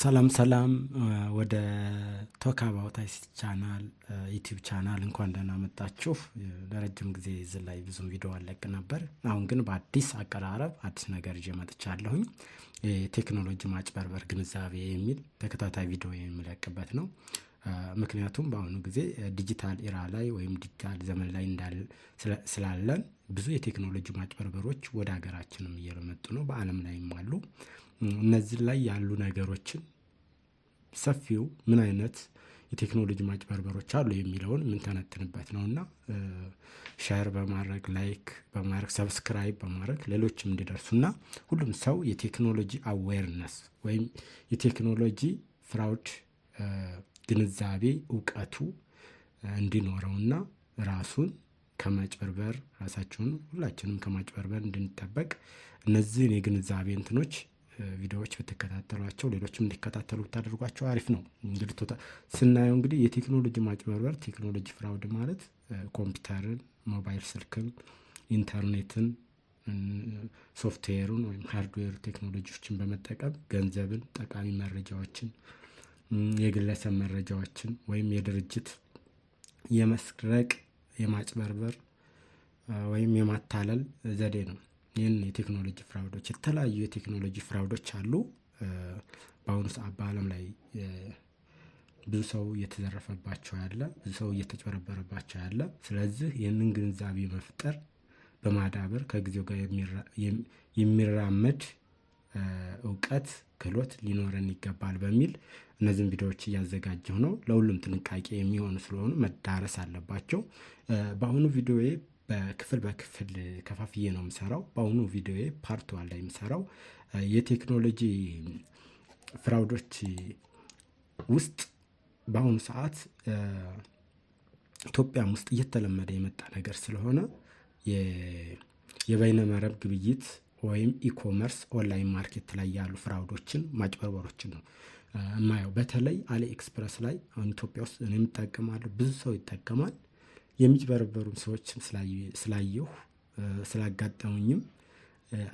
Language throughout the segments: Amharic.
ሰላም ሰላም ወደ ቶክ አባውት አይሲቲ ቻናል ዩቲዩብ ቻናል እንኳን ደህና መጣችሁ። ለረጅም ጊዜ ዝ ላይ ብዙም ቪዲዮ አለቅ ነበር። አሁን ግን በአዲስ አቀራረብ አዲስ ነገር ይዤ መጥቻለሁኝ። የቴክኖሎጂ ማጭበርበር ግንዛቤ የሚል ተከታታይ ቪዲዮ የሚለቅበት ነው። ምክንያቱም በአሁኑ ጊዜ ዲጂታል ኢራ ላይ ወይም ዲጂታል ዘመን ላይ ስላለን ብዙ የቴክኖሎጂ ማጭበርበሮች ወደ ሀገራችንም እየመጡ ነው፣ በዓለም ላይም አሉ። እነዚህ ላይ ያሉ ነገሮችን ሰፊው ምን አይነት የቴክኖሎጂ ማጭበርበሮች አሉ የሚለውን የምንተነትንበት ነው እና ሸር በማድረግ ላይክ በማድረግ ሰብስክራይብ በማድረግ ሌሎችም እንዲደርሱና ሁሉም ሰው የቴክኖሎጂ አዌርነስ ወይም የቴክኖሎጂ ፍራውድ ግንዛቤ እውቀቱ እንዲኖረውና ራሱን ከማጭበርበር ራሳችሁን ሁላችንም ከማጭበርበር እንድንጠበቅ እነዚህን የግንዛቤ እንትኖች ቪዲዮዎች ብትከታተሏቸው ሌሎችም እንዲከታተሉ ብታደርጓቸው አሪፍ ነው። እንግዲህ ስናየው እንግዲህ የቴክኖሎጂ ማጭበርበር ቴክኖሎጂ ፍራውድ ማለት ኮምፒውተርን፣ ሞባይል ስልክን፣ ኢንተርኔትን፣ ሶፍትዌሩን ወይም ሃርድዌር ቴክኖሎጂዎችን በመጠቀም ገንዘብን፣ ጠቃሚ መረጃዎችን የግለሰብ መረጃዎችን ወይም የድርጅት የመስረቅ የማጭበርበር ወይም የማታለል ዘዴ ነው። ይህን የቴክኖሎጂ ፍራውዶች የተለያዩ የቴክኖሎጂ ፍራውዶች አሉ። በአሁኑ ሰዓት በዓለም ላይ ብዙ ሰው እየተዘረፈባቸው ያለ፣ ብዙ ሰው እየተጭበረበረባቸው ያለ። ስለዚህ ይህንን ግንዛቤ መፍጠር በማዳበር ከጊዜው ጋር የሚራመድ እውቀት፣ ክህሎት ሊኖረን ይገባል በሚል እነዚህን ቪዲዮዎች እያዘጋጀሁ ነው። ለሁሉም ጥንቃቄ የሚሆኑ ስለሆኑ መዳረስ አለባቸው። በአሁኑ ቪዲዮዬ በክፍል በክፍል ከፋፍዬ ነው የምሰራው። በአሁኑ ቪዲዮዬ ፓርት ዋን ላይ የምሰራው የቴክኖሎጂ ፍራውዶች ውስጥ በአሁኑ ሰዓት ኢትዮጵያም ውስጥ እየተለመደ የመጣ ነገር ስለሆነ የበይነመረብ ግብይት ወይም ኢኮመርስ ኦንላይን ማርኬት ላይ ያሉ ፍራውዶችን ማጭበርበሮችን ነው የማየው። በተለይ አሊኤክስፕረስ ኤክስፕረስ ላይ አሁን ኢትዮጵያ ውስጥ እኔም እጠቀማለሁ፣ ብዙ ሰው ይጠቀማል። የሚጭበረበሩ ሰዎችም ስላየሁ ስላጋጠሙኝም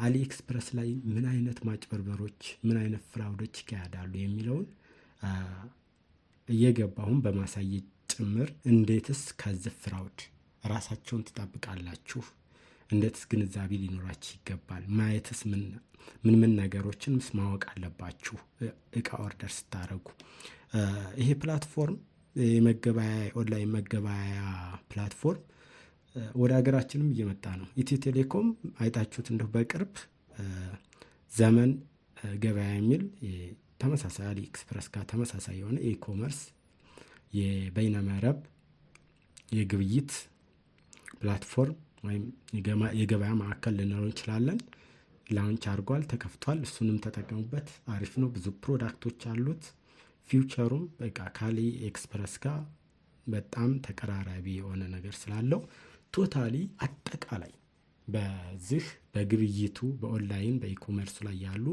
አሊኤክስፕረስ ኤክስፕረስ ላይ ምን አይነት ማጭበርበሮች፣ ምን አይነት ፍራውዶች ይካሄዳሉ የሚለውን እየገባሁም በማሳየት ጭምር እንዴትስ ከዚህ ፍራውድ ራሳቸውን ትጠብቃላችሁ እንዴትስ ግንዛቤ ሊኖራችሁ ይገባል። ማየትስ ምን ምን ነገሮችን ምስ ማወቅ አለባችሁ እቃ ኦርደር ስታደረጉ። ይሄ ፕላትፎርም የመገበያ ኦንላይን መገበያያ ፕላትፎርም ወደ ሀገራችንም እየመጣ ነው። ኢትዮ ቴሌኮም አይታችሁት እንደሁ በቅርብ ዘመን ገበያ የሚል ተመሳሳይ አሊ ኤክስፕረስ ጋር ተመሳሳይ የሆነ የኢኮመርስ የበይነመረብ የግብይት ፕላትፎርም ወይም የገበያ ማዕከል ልንለው እንችላለን። ላውንች አድርጓል፣ ተከፍቷል። እሱንም ተጠቀሙበት። አሪፍ ነው። ብዙ ፕሮዳክቶች አሉት። ፊውቸሩም በቃ ካሊ ኤክስፕረስ ጋር በጣም ተቀራራቢ የሆነ ነገር ስላለው ቶታሊ አጠቃላይ በዚህ በግብይቱ በኦንላይን በኢኮመርሱ ላይ ያሉ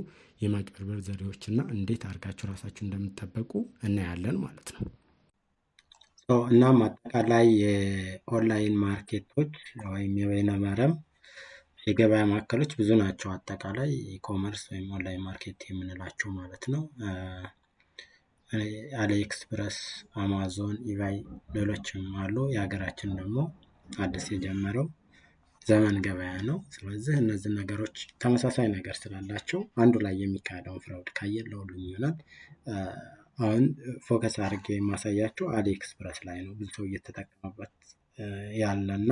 የማጭበርበር ዘዴዎችና እንዴት አድርጋችሁ ራሳችሁ እንደምትጠበቁ እናያለን ማለት ነው። እናም አጠቃላይ የኦንላይን ማርኬቶች ወይም የበይነ የገበያ ማዕከሎች ብዙ ናቸው። አጠቃላይ ኢኮመርስ ወይም ኦንላይን ማርኬት የምንላቸው ማለት ነው። አሊኤክስፕረስ፣ አማዞን፣ ኢባይ ሌሎችም አሉ። የሀገራችን ደግሞ አዲስ የጀመረው ዘመን ገበያ ነው። ስለዚህ እነዚህ ነገሮች ተመሳሳይ ነገር ስላላቸው አንዱ ላይ የሚካሄደውን ፍራውድ ካየን ለሁሉም ይሆናል። አሁን ፎከስ አድርጌ የማሳያቸው አሊ ኤክስፕረስ ላይ ነው ብዙ ሰው እየተጠቀመበት ያለ እና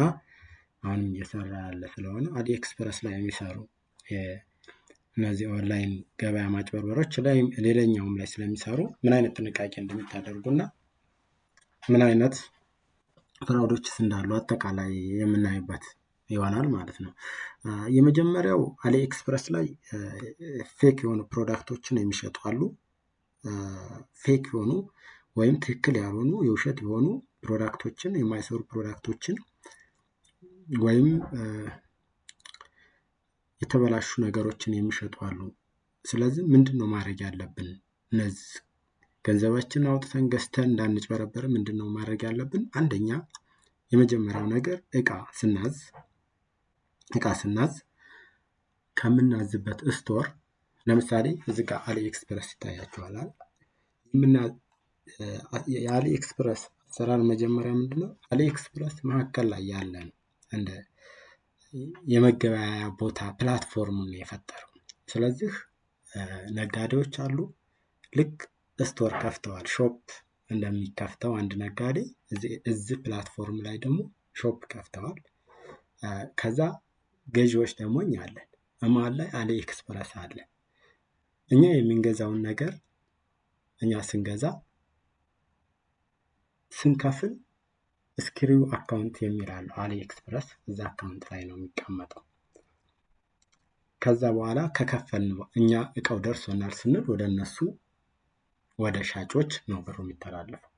አሁንም እየሰራ ያለ ስለሆነ አሊ ኤክስፕረስ ላይ የሚሰሩ እነዚህ ኦንላይን ገበያ ማጭበርበሮች ሌላኛውም ላይ ስለሚሰሩ ምን አይነት ጥንቃቄ እና ምን አይነት ፍራውዶችስ እንዳሉ አጠቃላይ የምናይበት ይሆናል ማለት ነው። የመጀመሪያው አሊ ኤክስፕረስ ላይ ፌክ የሆኑ ፕሮዳክቶችን የሚሸጡ አሉ። ፌክ የሆኑ ወይም ትክክል ያልሆኑ የውሸት የሆኑ ፕሮዳክቶችን የማይሰሩ ፕሮዳክቶችን ወይም የተበላሹ ነገሮችን የሚሸጡ አሉ። ስለዚህ ምንድነው ማድረግ ያለብን? እነዚህ ገንዘባችንን አውጥተን ገዝተን እንዳንጭበረበር ምንድነው ማድረግ ያለብን? አንደኛ የመጀመሪያው ነገር እቃ ስናዝ እቃ ስናዝ ከምናዝበት ስቶር ለምሳሌ እዚህ ጋር አሊ ኤክስፕረስ ይታያችኋል። ምና የአሊ ኤክስፕረስ አሰራር መጀመሪያ ምንድን ነው? አሊ ኤክስፕረስ መካከል ላይ ያለ እንደ የመገበያያ ቦታ ፕላትፎርሙን የፈጠረው። ስለዚህ ነጋዴዎች አሉ ልክ ስቶር ከፍተዋል ሾፕ እንደሚከፍተው አንድ ነጋዴ እዚህ ፕላትፎርም ላይ ደግሞ ሾፕ ከፍተዋል። ከዛ ገዢዎች ደግሞ እኛ አለን። እማል ላይ አሊ ኤክስፕረስ አለን። እኛ የምንገዛውን ነገር እኛ ስንገዛ ስንከፍል ስክሪው አካውንት የሚል አለው አሊ ኤክስፕረስ እዛ አካውንት ላይ ነው የሚቀመጠው። ከዛ በኋላ ከከፈልን እኛ እቃው ደርሶናል ስንል ወደ እነሱ ወደ ሻጮች ነው ብሩ የሚተላለፈው።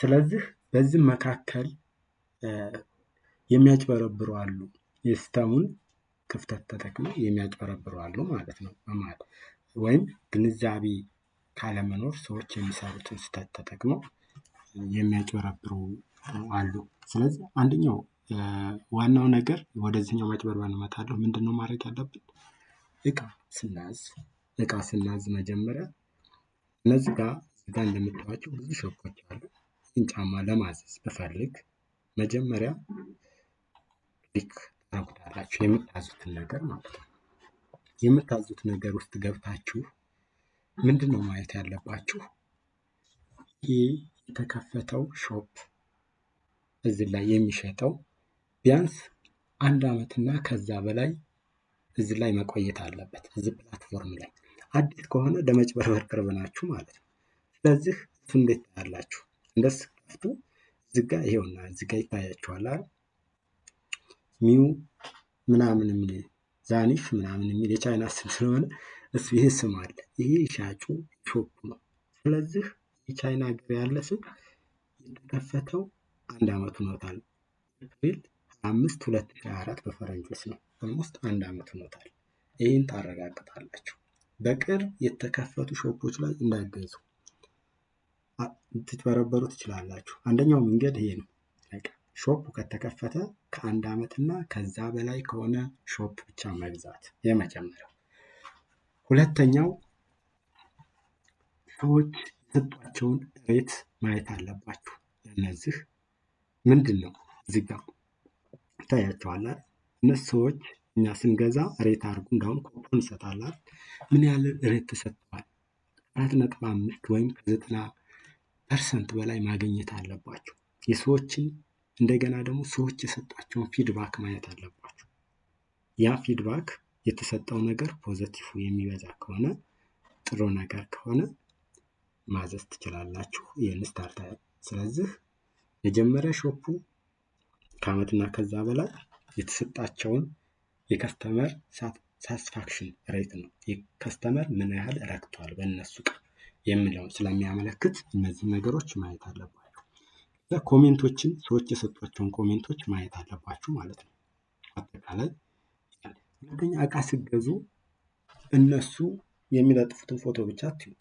ስለዚህ በዚህ መካከል የሚያጭበረብሩ አሉ። የሲስተሙን ክፍተት ተጠቅመው የሚያጭበረብሩ አሉ ማለት ነው። ወይም ግንዛቤ ካለመኖር ሰዎች የሚሰሩትን ስህተት ተጠቅመው የሚያጭበረብሩ አሉ። ስለዚህ አንደኛው ዋናው ነገር ወደዚህኛው ማጭበርበር ምንድን ምንድነው ማድረግ ያለብን? እቃ ስናዝ እቃ ስናዝ መጀመሪያ እነዚህ ጋ እዛ ጋር ብዙ ሾፖች አሉ። ይህን ጫማ ለማዘዝ ብፈልግ መጀመሪያ ክሊክ ታደርጉታላችሁ የምታዙትን ነገር ማለት ነው የምታዙት ነገር ውስጥ ገብታችሁ ምንድን ነው ማየት ያለባችሁ? ይህ የተከፈተው ሾፕ እዚህ ላይ የሚሸጠው ቢያንስ አንድ ዓመትና ከዛ በላይ እዚህ ላይ መቆየት አለበት። እዚህ ፕላትፎርም ላይ አዲስ ከሆነ ለመጭበርበር ቅርብ ናችሁ ማለት ነው። ስለዚህ እሱ እንዴት ታያላችሁ? እንደስ ከፍቱ ዝጋ ይሄውና ዝጋ ይታያችኋል። ሚው ምናምን የሚል ዛኒፍ ምናምን የሚል የቻይና ስም ስለሆነ እሱ ይህ ስም አለ። ይሄ ሻጩ ቾፕ ነው። ስለዚህ የቻይና ገበያ ያለ ስም የተከፈተው አንድ አመት ኖታል። ኤፕሪል አምስት ሁለት ሺ አራት በፈረንጆች ነው። ኦልሞስት አንድ አመት ሆኖታል። ይህን ታረጋግጣላችሁ። በቅርብ የተከፈቱ ሾፖች ላይ እንዳገዙ ልትጭበረበሩ ትችላላችሁ። አንደኛው መንገድ ይሄ ነው። ሾፕ ከተከፈተ ከአንድ እና ከዛ በላይ ከሆነ ሾፕ ብቻ መግዛት የመጀመሪያው። ሁለተኛው ሰዎች የሰጧቸውን ሬት ማየት አለባችሁ። እነዚህ ምንድን ነው እዚጋ ጋር እነዚህ ሰዎች እኛ ስንገዛ ሬት አድርጉ እንዳሁን ኮፖን ይሰጣላል። ምን ያህል ሬት ተሰጥተዋል? አራት ነጥብ አምስት ወይም ከዘጠና ፐርሰንት በላይ ማግኘት አለባቸው የሰዎችን እንደገና ደግሞ ሰዎች የሰጣቸውን ፊድባክ ማየት አለባቸው። ያ ፊድባክ የተሰጠው ነገር ፖዘቲቭ የሚበዛ ከሆነ ጥሩ ነገር ከሆነ ማዘዝ ትችላላችሁ። ይህን ስታርታ ስለዚህ መጀመሪያ ሾፑ ከአመትና ከዛ በላይ የተሰጣቸውን የከስተመር ሳትስፋክሽን ሬት ነው የከስተመር ምን ያህል ረክቷል በእነሱ ቃል የሚለውን ስለሚያመለክት እነዚህ ነገሮች ማየት አለባቸው። ኮሜንቶችን ሰዎች የሰጧቸውን ኮሜንቶች ማየት አለባችሁ ማለት ነው። አጠቃላይ ሁለተኛ እቃ ሲገዙ እነሱ የሚለጥፉትን ፎቶ ብቻ አትዩ።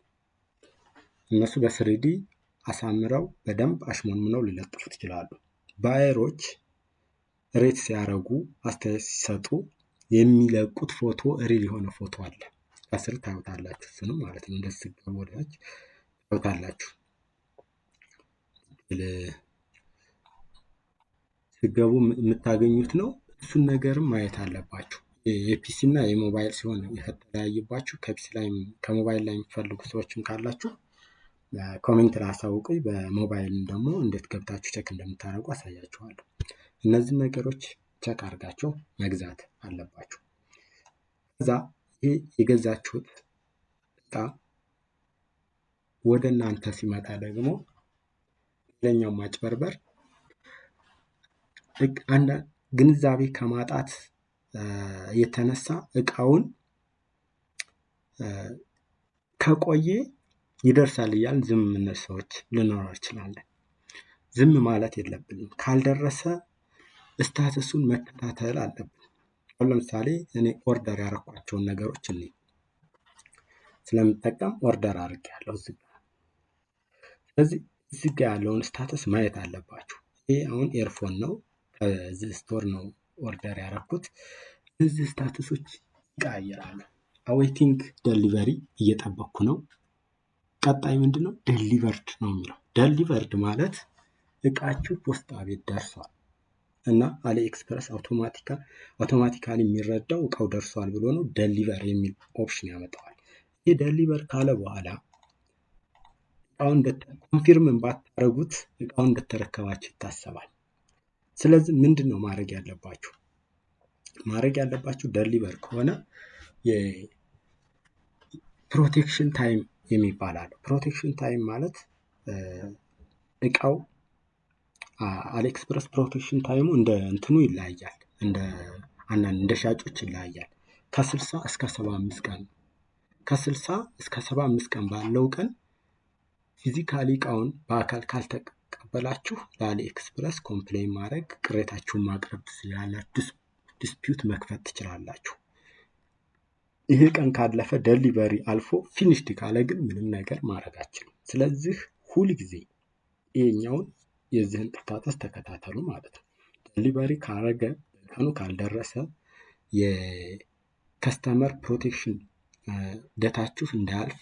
እነሱ በስሪዲ አሳምረው በደንብ አሽሞንምነው ሊለጥፉት ይችላሉ። ባየሮች ሬት ሲያረጉ አስተያየት ሲሰጡ የሚለቁት ፎቶ ሪል የሆነ ፎቶ አለ። ከስር ታዩታላችሁ። እሱንም ማለት ነው እንደዚህ ወደታች ታዩታላችሁ። ስትገቡ የምታገኙት ነው። እሱን ነገርም ማየት አለባችሁ። የፒሲ እና የሞባይል ሲሆን የተለያየባችሁ ከፒሲ ላይ ከሞባይል ላይ የሚፈልጉ ሰዎችም ካላችሁ ኮሜንት ላይ አሳውቁኝ። በሞባይል ደግሞ እንዴት ገብታችሁ ቸክ እንደምታደርጉ አሳያችኋለሁ። እነዚህ ነገሮች ቸክ አድርጋችሁ መግዛት አለባችሁ። ከዛ ይህ የገዛችሁት እቃ ወደ እናንተ ሲመጣ ደግሞ ሌላኛው ማጭበርበር ግንዛቤ ከማጣት የተነሳ እቃውን ከቆየ ይደርሳል እያል ዝም የምንል ሰዎች ልኖር እንችላለን። ዝም ማለት የለብንም። ካልደረሰ ስታተሱን መከታተል አለብን። አሁን ለምሳሌ እኔ ኦርደር ያረኳቸውን ነገሮች እ ስለምጠቀም ኦርደር አድርጌያለሁ እዚህ ስለዚህ እዚህ ጋ ያለውን ስታተስ ማየት አለባችሁ። ይህ አሁን ኤርፎን ነው፣ ከዚህ ስቶር ነው ኦርደር ያረኩት። እነዚህ ስታተሶች ይቀያየራሉ። አዌቲንግ ደሊቨሪ እየጠበቅኩ ነው። ቀጣይ ምንድን ነው? ደሊቨርድ ነው የሚለው። ደሊቨርድ ማለት እቃችሁ ፖስታ ቤት ደርሷል እና አሊኤክስፕረስ አውቶማቲካ አውቶማቲካሊ የሚረዳው እቃው ደርሷል ብሎ ነው ደሊቨር የሚል ኦፕሽን ያመጣዋል። ይህ ደሊቨር ካለ በኋላ እቃውን ኮንፊርም ባታደረጉት እቃውን እንደተረከባችሁ ይታሰባል። ስለዚህ ምንድን ነው ማድረግ ያለባችሁ? ማድረግ ያለባችሁ ደሊቨር ከሆነ የፕሮቴክሽን ታይም የሚባል አለ። ፕሮቴክሽን ታይም ማለት እቃው አሊኤክስፕረስ ፕሮቴክሽን ታይሙ እንደ እንትኑ ይለያያል። እንደ አንዳንድ እንደ ሻጮች ይለያያል። ከ60 እስከ 75 ቀን ነው። ከ60 እስከ ቀን ባለው ቀን ፊዚካሊ እቃውን በአካል ካልተቀበላችሁ ለአሊ ኤክስፕረስ ኮምፕሌን ማድረግ ቅሬታችሁን ማቅረብ ትችላላችሁ። ዲስፒዩት መክፈት ትችላላችሁ። ይሄ ቀን ካለፈ ደሊቨሪ አልፎ ፊኒሽድ ካለ ግን ምንም ነገር ማድረግ አችልም። ስለዚህ ሁል ጊዜ ይሄኛውን የዚህን ጥርታተስ ተከታተሉ ማለት ነው። ደሊቨሪ ካረገ ቀኑ ካልደረሰ የከስተመር ፕሮቴክሽን ደታችሁ እንዳያልፍ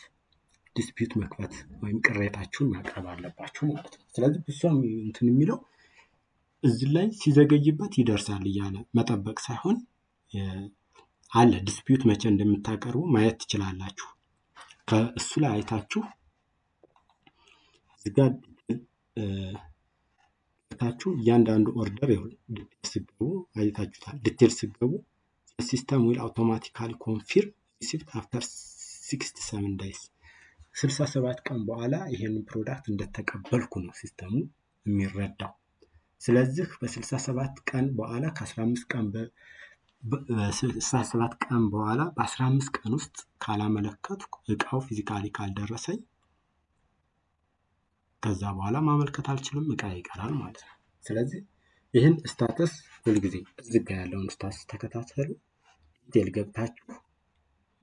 ዲስፒዩት መክፈት ወይም ቅሬታችሁን ማቅረብ አለባችሁ ማለት ነው። ስለዚህ እሷም እንትን የሚለው እዚ ላይ ሲዘገይበት ይደርሳል እያለ መጠበቅ ሳይሆን አለ ዲስፒዩት መቼ እንደምታቀርቡ ማየት ትችላላችሁ። ከእሱ ላይ አይታችሁ እዚጋ ታችሁ እያንዳንዱ ኦርደር ይሁን ዲቴል ስገቡ አይታችሁታል። ዲቴል ስገቡ ሲስተም ዊል አውቶማቲካል ኮንፊርም ሪሲፕት አፍተር ሲክስቲ ሰቨን ዳይስ ስልሳ ሰባት ቀን በኋላ ይሄንን ፕሮዳክት እንደተቀበልኩ ነው ሲስተሙ የሚረዳው። ስለዚህ በስልሳ ሰባት ቀን በኋላ ከ15 ቀን በስልሳ ሰባት ቀን በኋላ በ15 ቀን ውስጥ ካላመለከት እቃው ፊዚካሊ ካልደረሰኝ ከዛ በኋላ ማመልከት አልችልም፣ እቃ ይቀራል ማለት ነው። ስለዚህ ይህን ስታተስ ሁልጊዜ ዝጋ ያለውን ስታተስ ተከታተሉ። ቴል ገብታችሁ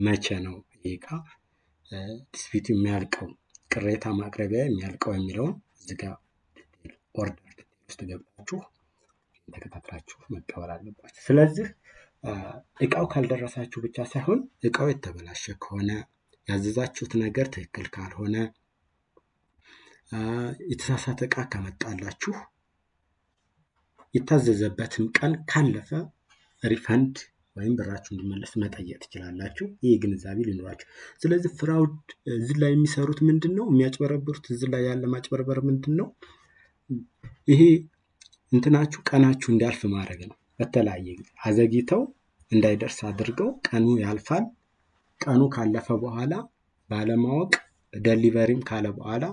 መቼ ነው ይህ እቃ ዲስፒቱ የሚያልቀው ቅሬታ ማቅረቢያ የሚያልቀው የሚለውን እዚጋ ኦርደር ውስጥ ገብታችሁ ተከታትላችሁ መቀበል አለባችሁ። ስለዚህ እቃው ካልደረሳችሁ ብቻ ሳይሆን እቃው የተበላሸ ከሆነ ያዘዛችሁት ነገር ትክክል ካልሆነ የተሳሳተ እቃ ከመጣላችሁ የታዘዘበትም ቀን ካለፈ ሪፈንድ ወይም ብራችሁ እንዲመለስ መጠየቅ ትችላላችሁ። ይህ ግንዛቤ ሊኖራችሁ። ስለዚህ ፍራውድ እዚህ ላይ የሚሰሩት ምንድን ነው? የሚያጭበረብሩት እዚህ ላይ ያለ ማጭበርበር ምንድን ነው? ይሄ እንትናችሁ ቀናችሁ እንዲያልፍ ማድረግ ነው። በተለያየ ጊዜ አዘግይተው እንዳይደርስ አድርገው ቀኑ ያልፋል። ቀኑ ካለፈ በኋላ ባለማወቅ ደሊቨሪም ካለ በኋላ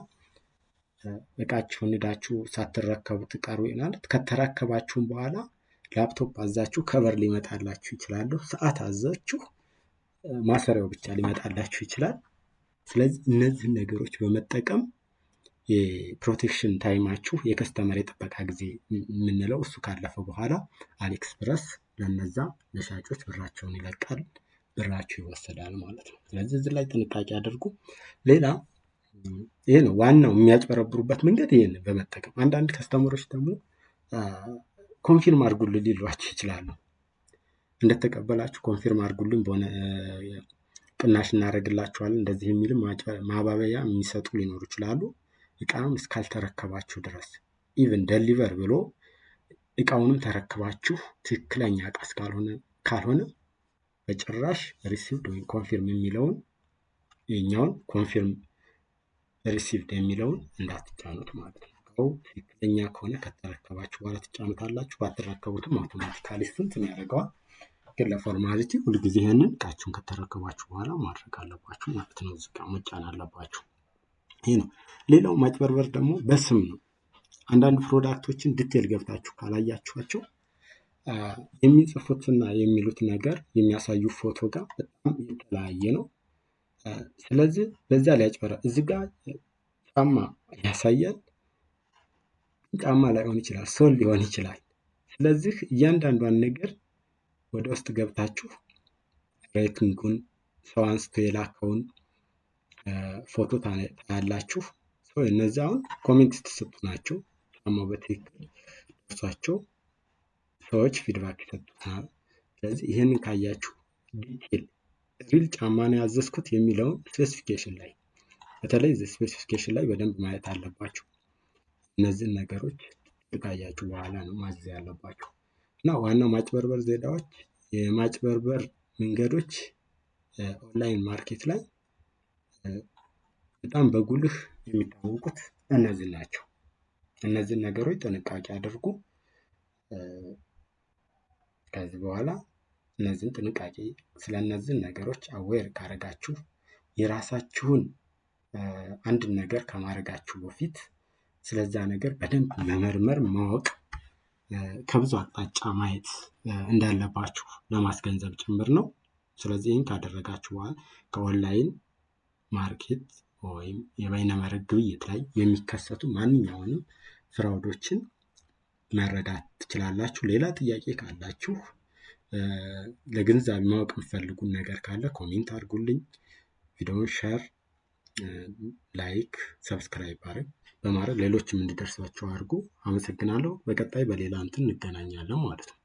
እቃችሁን ሄዳችሁ ሳትረከቡ ትቀሩ ይላል። ከተረከባችሁም በኋላ ላፕቶፕ አዛችሁ ከቨር ሊመጣላችሁ ይችላሉ። ሰዓት አዛችሁ ማሰሪያው ብቻ ሊመጣላችሁ ይችላል። ስለዚህ እነዚህን ነገሮች በመጠቀም የፕሮቴክሽን ታይማችሁ የከስተመር የጥበቃ ጊዜ የምንለው እሱ ካለፈ በኋላ አሊኤክስፕረስ ለነዛ ለሻጮች ብራቸውን ይለቃል፣ ብራቸው ይወሰዳል ማለት ነው። ስለዚህ እዚህ ላይ ጥንቃቄ አድርጉ። ሌላ ይሄ ነው ዋናው የሚያጭበረብሩበት መንገድ ይህን በመጠቀም አንዳንድ ከስተመሮች ደግሞ ኮንፊርም አድርጉልን ሊሏችሁ ይችላሉ። እንደተቀበላችሁ ኮንፊርም አድርጉልን፣ በሆነ ቅናሽ እናደርግላችኋለን እንደዚህ የሚልም ማባበያ የሚሰጡ ሊኖሩ ይችላሉ። እቃም እስካልተረከባችሁ ድረስ ኢቨን ደሊቨር ብሎ እቃውንም ተረክባችሁ ትክክለኛ እቃ እስካልሆነ ካልሆነ በጭራሽ ሪሲቭድ ወይም ኮንፊርም የሚለውን የኛውን ኮንፊርም ሪሲቭድ የሚለውን እንዳትጫኑት ማለት ነው። ሰው ትክክለኛ ከሆነ ከተረከባችሁ በኋላ ትጫኑታላችሁ። ባትረከቡትም አውቶማቲካሊ ስንት ነው ያደርገዋል። ግን ለፎርማሊቲ ሁልጊዜ ይህንን እቃችሁን ከተረከባችሁ በኋላ ማድረግ አለባችሁ ማለት ነው። ዝቃ መጫን አለባችሁ። ይህ ነው። ሌላው ማጭበርበር ደግሞ በስም ነው። አንዳንድ ፕሮዳክቶችን ዲቴል ገብታችሁ ካላያችኋቸው የሚጽፉትና የሚሉት ነገር የሚያሳዩ ፎቶ ጋር በጣም የተለያየ ነው። ስለዚህ በዛ ሊያጭበረ እዚህ ጋር ጫማ ያሳያል። ጫማ ላይሆን ይችላል፣ ሶል ሊሆን ይችላል። ስለዚህ እያንዳንዷን ነገር ወደ ውስጥ ገብታችሁ ሬቲንጉን ሰው አንስቶ የላከውን ፎቶ ታያላችሁ። እነዚህ አሁን ኮሜንት ስትሰጡ ናቸው ጫማው በትክክል ደርሷቸው ሰዎች ፊድባክ ይሰጡታል። ስለዚህ ይህንን ካያችሁ ዲቴል ሪል ጫማ ነው ያዘዝኩት የሚለውን ስፔሲፊኬሽን ላይ በተለይ ስፔሲፊኬሽን ላይ በደንብ ማየት አለባችሁ። እነዚህን ነገሮች ካያችሁ በኋላ ነው ማዘዝ ያለባችሁ እና ዋናው ማጭበርበር ዘዴዎች የማጭበርበር መንገዶች ኦንላይን ማርኬት ላይ በጣም በጉልህ የሚታወቁት እነዚህ ናቸው። እነዚህን ነገሮች ጥንቃቄ አድርጉ። ከዚህ በኋላ እነዚህን ጥንቃቄ ስለ እነዚህን ነገሮች አዌር ካረጋችሁ የራሳችሁን አንድን ነገር ከማድረጋችሁ በፊት ስለዛ ነገር በደንብ መመርመር፣ ማወቅ፣ ከብዙ አቅጣጫ ማየት እንዳለባችሁ ለማስገንዘብ ጭምር ነው። ስለዚህ ይህን ካደረጋችሁ በኋላ ከኦንላይን ማርኬት ወይም የበይነመረብ ግብይት ላይ የሚከሰቱ ማንኛውንም ፍራውዶችን መረዳት ትችላላችሁ። ሌላ ጥያቄ ካላችሁ ለግንዛቤ ማወቅ የምፈልጉን ነገር ካለ ኮሜንት አድርጉልኝ። ቪዲዮን ሸር፣ ላይክ፣ ሰብስክራይብ አድርግ በማድረግ ሌሎችም እንዲደርሳቸው አድርጉ። አመሰግናለሁ። በቀጣይ በሌላ እንትን እንገናኛለን ማለት ነው።